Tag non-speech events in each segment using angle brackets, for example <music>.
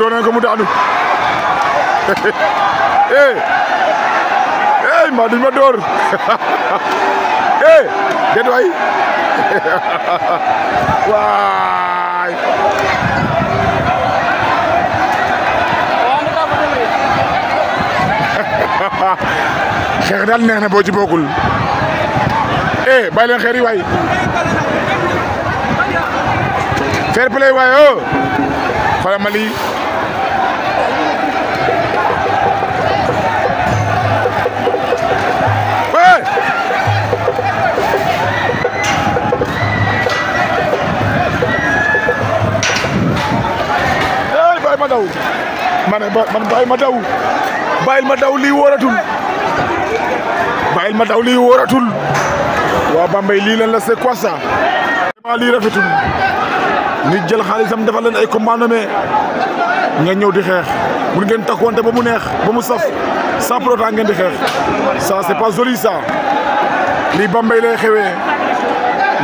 doo ko mu daanu <laughs> eh ma duñ ma door <laughs> eh déet waay <laughs> waay. xeex daal neex na boo ci bokkul eh bàyyi leen xeer yi waay. fair play waay oh. daw ma ne man bàyyi ma daw ma daw lii wóoratul bàyyil ma daw lii wóoratul waa Bambey lii leen la c'est quoi ça lii rafetul nit jël xaalisam defal leen ay commande mais nga ñëw di xeex mun ngeen takkuwante ba mu neex ba mu saf sans pour ngeen di xeex ça c'est pas joli ça lii Bambey lay xewee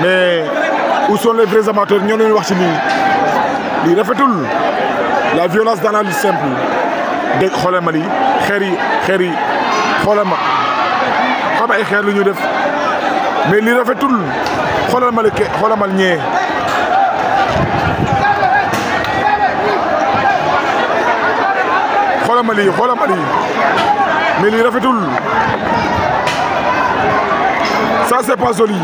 mais où sont les vrais amateurs ñoo leen wax ci lii li rafetul la violence dans la lutte simple dégg xoolal ma lii xeer yi xeer yi xoolal ma xam ay lu ñu def mais li rafetul xoolal ma li ke xoolal ma ñee xoolal ma lii mais li rafetul ça c'est pas joli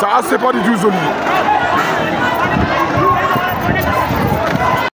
ça c'est pas du tout joli